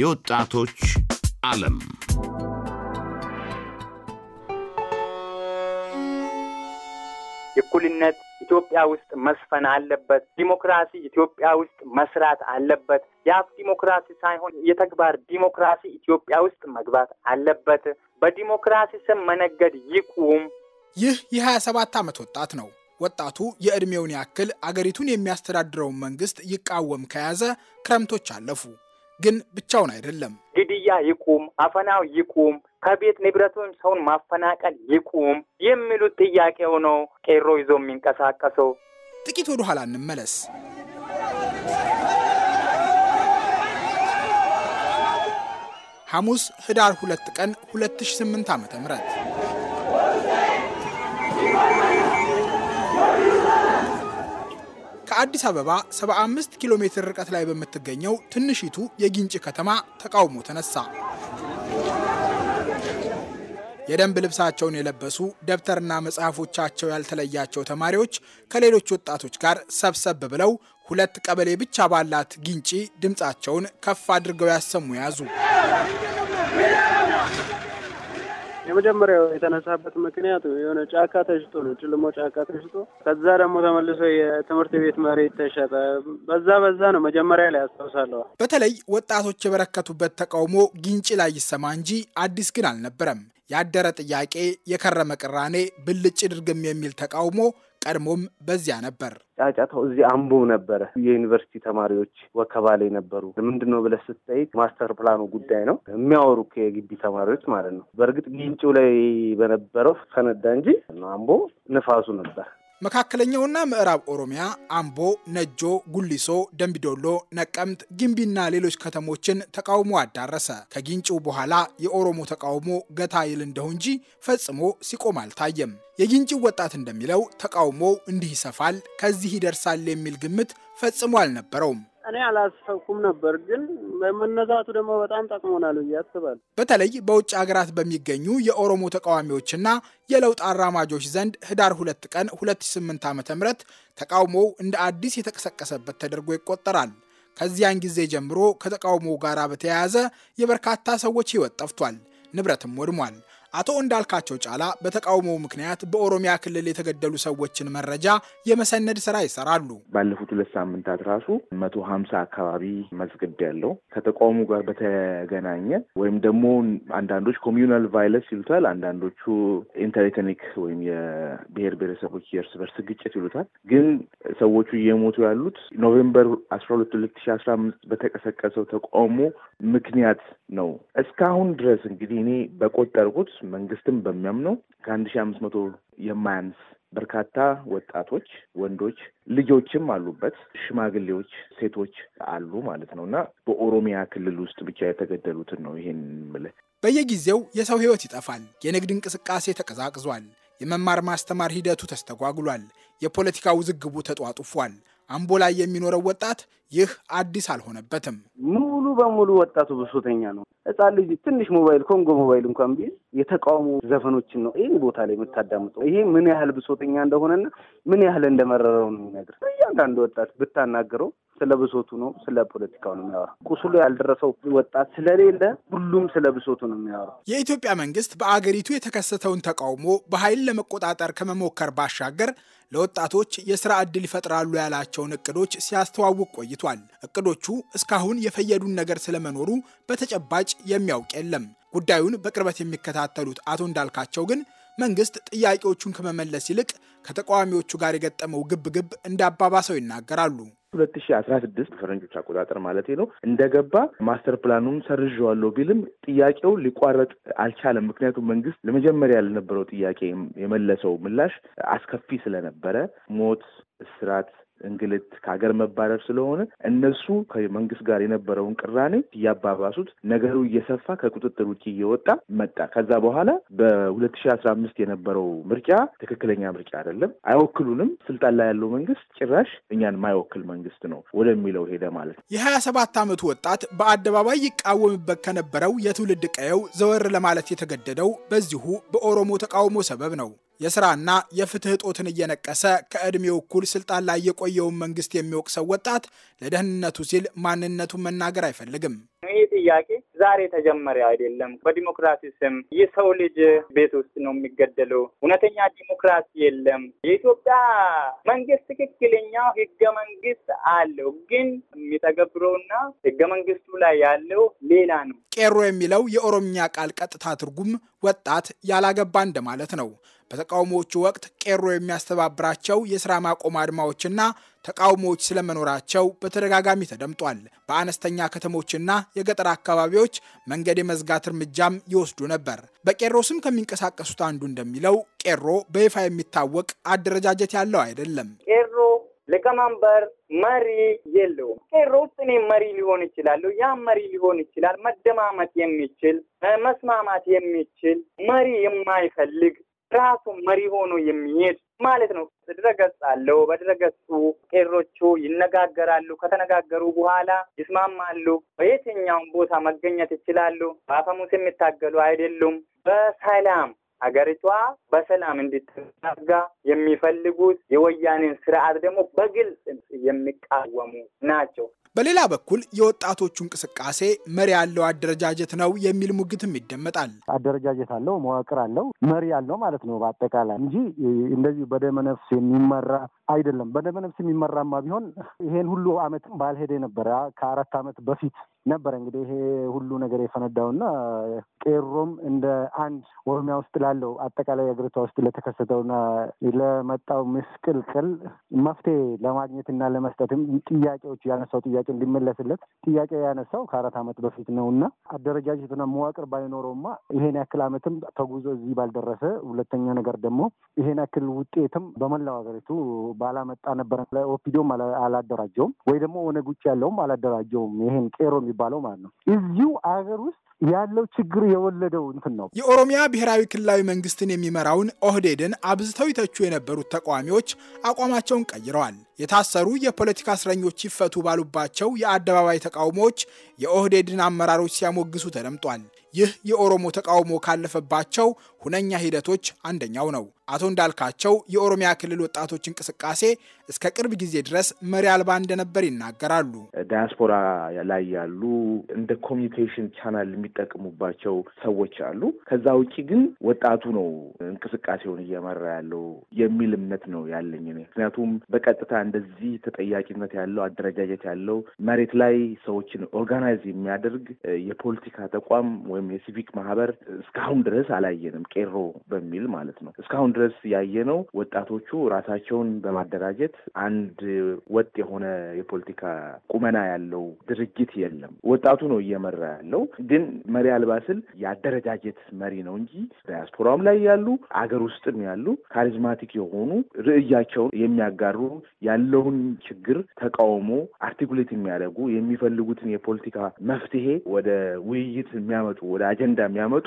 የወጣቶች ዓለም እኩልነት ኢትዮጵያ ውስጥ መስፈን አለበት። ዲሞክራሲ ኢትዮጵያ ውስጥ መስራት አለበት። የአፍ ዲሞክራሲ ሳይሆን የተግባር ዲሞክራሲ ኢትዮጵያ ውስጥ መግባት አለበት። በዲሞክራሲ ስም መነገድ ይቁም። ይህ የ27 ዓመት ወጣት ነው። ወጣቱ የዕድሜውን ያክል አገሪቱን የሚያስተዳድረውን መንግስት ይቃወም ከያዘ ክረምቶች አለፉ። ግን ብቻውን አይደለም። ግድያ ይቁም፣ አፈናው ይቁም፣ ከቤት ንብረቱን ሰውን ማፈናቀል ይቁም የሚሉት ጥያቄው ነው። ቄሮ ይዞ የሚንቀሳቀሰው ጥቂት ወደ ኋላ እንመለስ። ሐሙስ ህዳር 2 ቀን 2008 ም ከአዲስ አበባ 75 ኪሎ ሜትር ርቀት ላይ በምትገኘው ትንሽቱ የግንጭ ከተማ ተቃውሞ ተነሳ። የደንብ ልብሳቸውን የለበሱ ደብተርና መጽሐፎቻቸው ያልተለያቸው ተማሪዎች ከሌሎች ወጣቶች ጋር ሰብሰብ ብለው ሁለት ቀበሌ ብቻ ባላት ጊንጪ ድምፃቸውን ከፍ አድርገው ያሰሙ ያዙ። የመጀመሪያው የተነሳበት ምክንያት የሆነ ጫካ ተሽጦ ነው፣ ጭልሞ ጫካ ተሽጦ፣ ከዛ ደግሞ ተመልሶ የትምህርት ቤት መሬት ተሸጠ። በዛ በዛ ነው መጀመሪያ ላይ ያስታውሳለዋል። በተለይ ወጣቶች የበረከቱበት ተቃውሞ ግንጭ ላይ ይሰማ እንጂ አዲስ ግን አልነበረም። ያደረ ጥያቄ፣ የከረመ ቅራኔ፣ ብልጭ ድርግም የሚል ተቃውሞ ቀድሞም በዚያ ነበር። ጫጫታው እዚህ አምቦ ነበረ። የዩኒቨርሲቲ ተማሪዎች ወከባ ላይ ነበሩ። ምንድን ነው ብለህ ስትጠይቅ ማስተር ፕላኑ ጉዳይ ነው የሚያወሩ የግቢ ተማሪዎች ማለት ነው። በእርግጥ ግንጭው ላይ በነበረው ፈነዳ እንጂ አምቦ ንፋሱ ነበር። መካከለኛውና ምዕራብ ኦሮሚያ አምቦ፣ ነጆ፣ ጉሊሶ፣ ደምቢዶሎ፣ ነቀምት፣ ግንቢና ሌሎች ከተሞችን ተቃውሞ አዳረሰ። ከጊንጪው በኋላ የኦሮሞ ተቃውሞ ገታ ይል እንደሁ እንጂ ፈጽሞ ሲቆም አልታየም። የጊንጪው ወጣት እንደሚለው ተቃውሞው እንዲህ ይሰፋል፣ ከዚህ ይደርሳል የሚል ግምት ፈጽሞ አልነበረውም። እኔ አላሰብኩም ነበር፣ ግን መነዛቱ ደግሞ በጣም ጠቅሞናል ብዬ አስባል። በተለይ በውጭ ሀገራት በሚገኙ የኦሮሞ ተቃዋሚዎችና የለውጥ አራማጆች ዘንድ ህዳር ሁለት ቀን 2008 ዓ ም ተቃውሞው እንደ አዲስ የተቀሰቀሰበት ተደርጎ ይቆጠራል። ከዚያን ጊዜ ጀምሮ ከተቃውሞው ጋር በተያያዘ የበርካታ ሰዎች ህይወት ጠፍቷል፣ ንብረትም ወድሟል። አቶ እንዳልካቸው ጫላ በተቃውሞው ምክንያት በኦሮሚያ ክልል የተገደሉ ሰዎችን መረጃ የመሰነድ ስራ ይሰራሉ። ባለፉት ሁለት ሳምንታት ራሱ መቶ ሀምሳ አካባቢ መዝግብ ያለው ከተቃውሞ ጋር በተገናኘ ወይም ደግሞ አንዳንዶች ኮሚናል ቫይለንስ ይሉታል፣ አንዳንዶቹ ኢንተሬተኒክ ወይም የብሔር ብሔረሰቦች የእርስ በርስ ግጭት ይሉታል። ግን ሰዎቹ እየሞቱ ያሉት ኖቬምበር አስራ ሁለት ሁለት ሺ አስራ አምስት በተቀሰቀሰው ተቃውሞ ምክንያት ነው። እስካሁን ድረስ እንግዲህ እኔ በቆጠርኩት መንግስትም በሚያምነው ከአንድ ሺ አምስት መቶ የማያንስ በርካታ ወጣቶች፣ ወንዶች፣ ልጆችም አሉበት፣ ሽማግሌዎች፣ ሴቶች አሉ ማለት ነው እና በኦሮሚያ ክልል ውስጥ ብቻ የተገደሉትን ነው ይሄን ምል በየጊዜው የሰው ህይወት ይጠፋል። የንግድ እንቅስቃሴ ተቀዛቅዟል። የመማር ማስተማር ሂደቱ ተስተጓጉሏል። የፖለቲካ ውዝግቡ ተጧጡፏል። አምቦ ላይ የሚኖረው ወጣት ይህ አዲስ አልሆነበትም። ሙሉ በሙሉ ወጣቱ ብሶተኛ ነው። ህፃን ልጅ ትንሽ ሞባይል ኮንጎ ሞባይል እንኳን ቢይዝ የተቃውሞ ዘፈኖችን ነው ይህን ቦታ ላይ የምታዳምጠው። ይሄ ምን ያህል ብሶተኛ እንደሆነና ምን ያህል እንደመረረው ነው የሚነግር። እያንዳንዱ ወጣት ብታናገረው ስለ ብሶቱ ነው፣ ስለ ፖለቲካው ነው የሚያወራ። ቁስሉ ያልደረሰው ወጣት ስለሌለ ሁሉም ስለ ብሶቱ ነው የሚያወራ። የኢትዮጵያ መንግስት በአገሪቱ የተከሰተውን ተቃውሞ በኃይል ለመቆጣጠር ከመሞከር ባሻገር ለወጣቶች የስራ ዕድል ይፈጥራሉ ያላቸውን እቅዶች ሲያስተዋውቅ ቆይቷል። እቅዶቹ እስካሁን የፈየዱን ነገር ስለመኖሩ በተጨባጭ የሚያውቅ የለም። ጉዳዩን በቅርበት የሚከታተሉት አቶ እንዳልካቸው ግን መንግስት ጥያቄዎቹን ከመመለስ ይልቅ ከተቃዋሚዎቹ ጋር የገጠመው ግብግብ እንዳባባሰው ይናገራሉ። ሁለት ሺ አስራ ስድስት ፈረንጆች አቆጣጠር ማለት ነው እንደገባ ማስተር ፕላኑን ሰርዣዋለሁ ቢልም ጥያቄው ሊቋረጥ አልቻለም። ምክንያቱም መንግስት ለመጀመሪያ ያልነበረው ጥያቄ የመለሰው ምላሽ አስከፊ ስለነበረ ሞት፣ እስራት፣ እንግልት፣ ከሀገር መባረር ስለሆነ እነሱ ከመንግስት ጋር የነበረውን ቅራኔ እያባባሱት ነገሩ እየሰፋ ከቁጥጥር ውጭ እየወጣ መጣ። ከዛ በኋላ በሁለት ሺህ አስራ አምስት የነበረው ምርጫ ትክክለኛ ምርጫ አይደለም፣ አይወክሉንም፣ ስልጣን ላይ ያለው መንግስት ጭራሽ እኛን ማይወክል መንግስት ነው ወደሚለው ሄደ ማለት ነው። የሀያ ሰባት አመቱ ወጣት በአደባባይ ይቃወምበት ከነበረው የትውልድ ቀየው ዘወር ለማለት የተገደደው በዚሁ በኦሮሞ ተቃውሞ ሰበብ ነው። የስራና የፍትህ እጦትን እየነቀሰ ከዕድሜው እኩል ስልጣን ላይ የቆየውን መንግስት የሚወቅሰው ወጣት ለደህንነቱ ሲል ማንነቱን መናገር አይፈልግም። ይህ ጥያቄ ዛሬ ተጀመረ አይደለም። በዲሞክራሲ ስም የሰው ልጅ ቤት ውስጥ ነው የሚገደለው። እውነተኛ ዲሞክራሲ የለም። የኢትዮጵያ መንግስት ትክክለኛው ህገ መንግስት አለው፣ ግን የሚተገብረውና ህገ መንግስቱ ላይ ያለው ሌላ ነው። ቄሮ የሚለው የኦሮምኛ ቃል ቀጥታ ትርጉም ወጣት ያላገባ እንደማለት ነው። በተቃውሞዎቹ ወቅት ቄሮ የሚያስተባብራቸው የስራ ማቆም አድማዎችና ተቃውሞዎች ስለመኖራቸው በተደጋጋሚ ተደምጧል። በአነስተኛ ከተሞችና የገጠር አካባቢዎች መንገድ የመዝጋት እርምጃም ይወስዱ ነበር። በቄሮ ስም ከሚንቀሳቀሱት አንዱ እንደሚለው ቄሮ በይፋ የሚታወቅ አደረጃጀት ያለው አይደለም። ቄሮ ሊቀመንበር መሪ የለውም። ቄሮ ውስጥ እኔ መሪ ሊሆን ይችላለሁ፣ ያ መሪ ሊሆን ይችላል። መደማመጥ የሚችል መስማማት የሚችል መሪ የማይፈልግ ራሱ መሪ ሆኖ የሚሄድ ማለት ነው። ድረገጽ አለው። በድረገጹ ቄሮቹ ይነጋገራሉ። ከተነጋገሩ በኋላ ይስማማሉ። በየትኛውም ቦታ መገኘት ይችላሉ። በአፈሙስ የሚታገሉ አይደሉም። በሰላም ሀገሪቷ በሰላም እንድትናጋ የሚፈልጉት የወያኔን ስርዓት ደግሞ በግልጽ የሚቃወሙ ናቸው። በሌላ በኩል የወጣቶቹ እንቅስቃሴ መሪ ያለው አደረጃጀት ነው የሚል ሙግትም ይደመጣል። አደረጃጀት አለው፣ መዋቅር አለው፣ መሪ አለው ማለት ነው በአጠቃላይ እንጂ እንደዚህ በደመነፍስ የሚመራ አይደለም። በደመነፍስ የሚመራማ ቢሆን ይሄን ሁሉ አመትም ባልሄደ ነበረ ከአራት አመት በፊት ነበረ እንግዲህ ይሄ ሁሉ ነገር የፈነዳውና ቄሮም እንደ አንድ ኦሮሚያ ውስጥ ላለው አጠቃላይ አገሪቷ ውስጥ ለተከሰተውና ለመጣው ምስቅልቅል መፍትሄ ለማግኘትና ለመስጠትም ጥያቄዎች ያነሳው ጥያቄ እንዲመለስለት ጥያቄ ያነሳው ከአራት ዓመት በፊት ነው እና አደረጃጀትና መዋቅር ባይኖረውማ ይሄን ያክል ዓመትም ተጉዞ እዚህ ባልደረሰ፣ ሁለተኛ ነገር ደግሞ ይሄን ያክል ውጤትም በመላው ሀገሪቱ ባላመጣ ነበረ። ኦፒዲዮም አላደራጀውም ወይ ደግሞ ኦነግ ውጭ ያለውም አላደራጀውም ይሄን ቄሮም የሚባለው ማለት ነው። እዚሁ አገር ውስጥ ያለው ችግር የወለደው እንትን ነው። የኦሮሚያ ብሔራዊ ክልላዊ መንግስትን የሚመራውን ኦህዴድን አብዝተው ይተቹ የነበሩት ተቃዋሚዎች አቋማቸውን ቀይረዋል። የታሰሩ የፖለቲካ እስረኞች ይፈቱ ባሉባቸው የአደባባይ ተቃውሞዎች የኦህዴድን አመራሮች ሲያሞግሱ ተደምጧል። ይህ የኦሮሞ ተቃውሞ ካለፈባቸው ሁነኛ ሂደቶች አንደኛው ነው። አቶ እንዳልካቸው የኦሮሚያ ክልል ወጣቶች እንቅስቃሴ እስከ ቅርብ ጊዜ ድረስ መሪ አልባ እንደነበር ይናገራሉ። ዳያስፖራ ላይ ያሉ እንደ ኮሚኒኬሽን ቻናል የሚጠቅሙባቸው ሰዎች አሉ። ከዛ ውጭ ግን ወጣቱ ነው እንቅስቃሴውን እየመራ ያለው የሚል እምነት ነው ያለኝ እኔ። ምክንያቱም በቀጥታ እንደዚህ ተጠያቂነት ያለው አደረጃጀት ያለው መሬት ላይ ሰዎችን ኦርጋናይዝ የሚያደርግ የፖለቲካ ተቋም ወይም የሲቪክ ማህበር እስካሁን ድረስ አላየንም። ቄሮ በሚል ማለት ነው እስካሁን ድረስ ነው ወጣቶቹ ራሳቸውን በማደራጀት አንድ ወጥ የሆነ የፖለቲካ ቁመና ያለው ድርጅት የለም። ወጣቱ ነው እየመራ ያለው። ግን መሪ አልባ ስል የአደረጃጀት መሪ ነው እንጂ ዳያስፖራም ላይ ያሉ አገር ውስጥም ያሉ ካሪዝማቲክ የሆኑ ርዕያቸውን የሚያጋሩ ያለውን ችግር ተቃውሞ አርቲኩሌት የሚያደርጉ የሚፈልጉትን የፖለቲካ መፍትሄ ወደ ውይይት የሚያመጡ ወደ አጀንዳ የሚያመጡ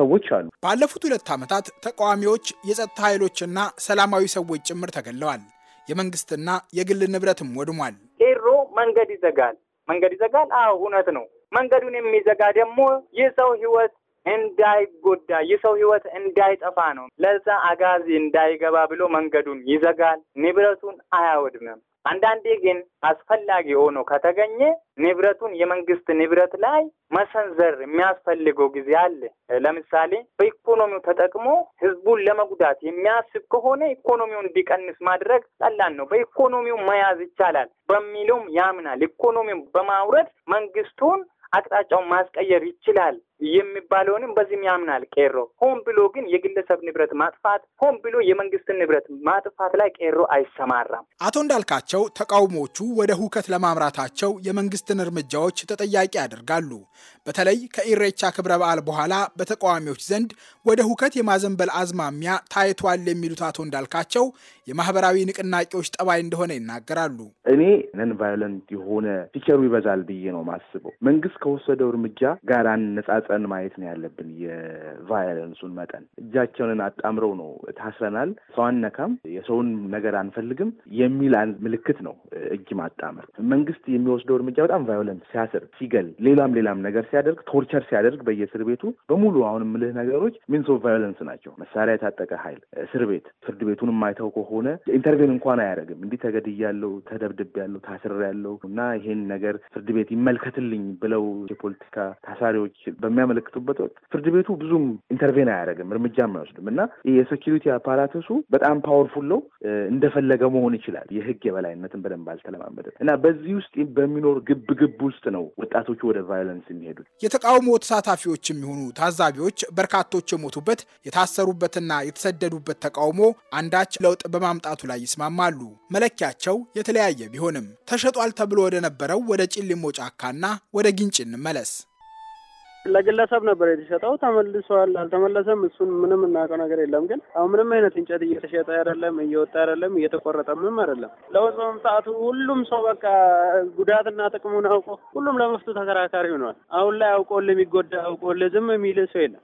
ሰዎች አሉ። ባለፉት ሁለት ዓመታት ተቃዋሚዎች የጸ የጸጥታ ኃይሎችና ሰላማዊ ሰዎች ጭምር ተገለዋል። የመንግስትና የግል ንብረትም ወድሟል። ቄሮ መንገድ ይዘጋል፣ መንገድ ይዘጋል። አዎ እውነት ነው። መንገዱን የሚዘጋ ደግሞ የሰው ህይወት እንዳይጎዳ የሰው ህይወት እንዳይጠፋ ነው። ለዛ አጋዚ እንዳይገባ ብሎ መንገዱን ይዘጋል፣ ንብረቱን አያወድምም። አንዳንዴ ግን አስፈላጊ ሆኖ ከተገኘ ንብረቱን የመንግስት ንብረት ላይ መሰንዘር የሚያስፈልገው ጊዜ አለ። ለምሳሌ በኢኮኖሚው ተጠቅሞ ህዝቡን ለመጉዳት የሚያስብ ከሆነ ኢኮኖሚውን እንዲቀንስ ማድረግ ቀላል ነው። በኢኮኖሚው መያዝ ይቻላል በሚለውም ያምናል። ኢኮኖሚውን በማውረድ መንግስቱን አቅጣጫውን ማስቀየር ይችላል የሚባለውንም በዚህም ያምናል ቄሮ። ሆን ብሎ ግን የግለሰብ ንብረት ማጥፋት፣ ሆን ብሎ የመንግስትን ንብረት ማጥፋት ላይ ቄሮ አይሰማራም። አቶ እንዳልካቸው ተቃውሞቹ ወደ ሁከት ለማምራታቸው የመንግስትን እርምጃዎች ተጠያቂ ያደርጋሉ። በተለይ ከኢሬቻ ክብረ በዓል በኋላ በተቃዋሚዎች ዘንድ ወደ ሁከት የማዘንበል አዝማሚያ ታይቷል የሚሉት አቶ እንዳልካቸው የማህበራዊ ንቅናቄዎች ጠባይ እንደሆነ ይናገራሉ። እኔ ነን ቫዮለንት የሆነ ፊቸሩ ይበዛል ብዬ ነው ማስበው። መንግስት ከወሰደው እርምጃ ጋር አነጻጸ ቆጥረን ማየት ነው ያለብን የቫይለንሱን መጠን። እጃቸውንን አጣምረው ነው ታስረናል፣ ሰው አነካም፣ የሰውን ነገር አንፈልግም የሚል ምልክት ነው እጅ ማጣመር። መንግስት የሚወስደው እርምጃ በጣም ቫዮለንት ሲያስር፣ ሲገል፣ ሌላም ሌላም ነገር ሲያደርግ፣ ቶርቸር ሲያደርግ በየእስር ቤቱ በሙሉ አሁን ምልህ ነገሮች ሚንስ ኦፍ ቫዮለንስ ናቸው። መሳሪያ የታጠቀ ኃይል እስር ቤት ፍርድ ቤቱን የማይተው ከሆነ ኢንተርቬን እንኳን አያደርግም። እንዲህ ተገድያለሁ፣ ተደብድቤያለሁ፣ ታስሬያለሁ እና ይሄን ነገር ፍርድ ቤት ይመልከትልኝ ብለው የፖለቲካ ታሳሪዎች በሚያመለክቱበት ወቅት ፍርድ ቤቱ ብዙም ኢንተርቬን አያደርግም፣ እርምጃም አይወስድም እና የሴኪሪቲ አፓራተሱ በጣም ፓወርፉል ነው። እንደፈለገ መሆን ይችላል። የህግ የበላይነትን በደንብ አልተለማመደ እና በዚህ ውስጥ በሚኖር ግብ ግብ ውስጥ ነው ወጣቶቹ ወደ ቫዮለንስ የሚሄዱት። የተቃውሞ ተሳታፊዎች የሚሆኑ ታዛቢዎች በርካቶች የሞቱበት የታሰሩበትና የተሰደዱበት ተቃውሞ አንዳች ለውጥ በማምጣቱ ላይ ይስማማሉ። መለኪያቸው የተለያየ ቢሆንም ተሸጧል ተብሎ ወደ ነበረው ወደ ጭሊሞ ጫካና ወደ ግንጭ እንመለስ። ለግለሰብ ነበር የተሸጠው። ተመልሷል አልተመለሰም፣ እሱን ምንም እናውቀው ነገር የለም። ግን አሁን ምንም አይነት እንጨት እየተሸጠ አይደለም፣ እየወጣ አይደለም፣ እየተቆረጠ ምንም አይደለም። ለውጥ መምጣቱ ሁሉም ሰው በቃ ጉዳትና ጥቅሙን አውቆ ሁሉም ለመፍቱ ተከራካሪ ሆኗል። አሁን ላይ አውቆ ለሚጎዳ አውቆ ዝም የሚል ሰው የለም።